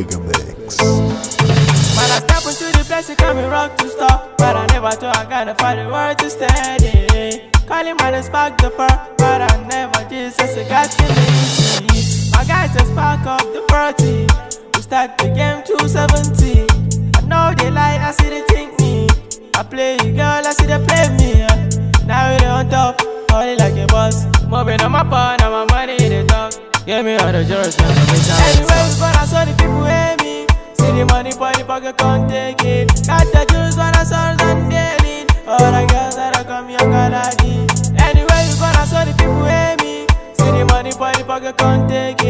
Mega Mix. When I step into the place, it can be wrong to stop. But I never thought I gotta find the word to steady. Calling my name spark the pearl, but I never did since it got to me. My guys just spark up the party. We start the game 270. I know they lie, I see they think me. I play you, girl, I see they play me. Now we on top, holding like a boss. Moving on my part, now my money, in the top. Give me all the jewels, now the bitch, the body pocket can't take it. Got the juice for the souls and daily. All the girls that are come young and Anyway, you gonna saw the people hate me. See the money for the pocket can't take it.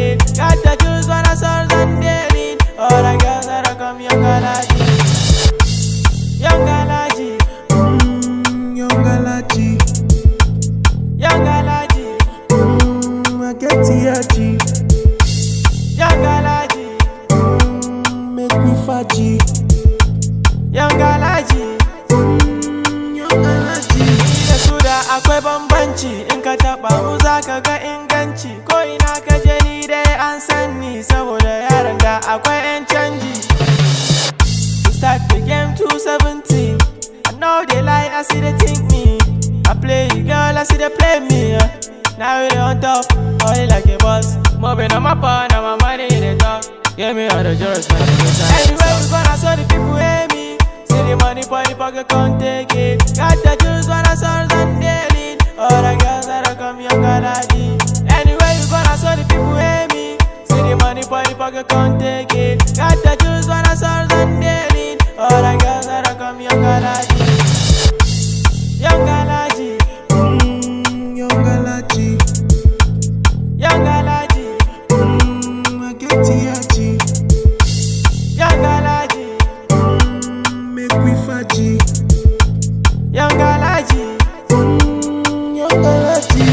alaji da su in ka ko start the game 217 I know they lie, I see they think me I play the girl, I see they play me Now we on top, only like a boss Mobbing on my pawn, now my money in the top Give me all the jewels, man Anyway, we gonna show the people, hey the money for the pocket, can't take it. Got the juice for i souls and daily. All the girls that are coming, I'm going Anyway, you gonna saw the people hate me. See the money for the pocket, can't take it. Got the juice for i souls and daily. All the girls that are coming, I'm going Young Galadi. mm, Young Galadi. Young Galadi. mm, I get it. Machi. Young Alaji. Mm, young Alaji.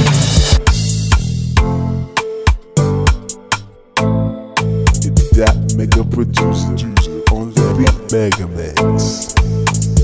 It's that mega producer on the beat Mega Mix.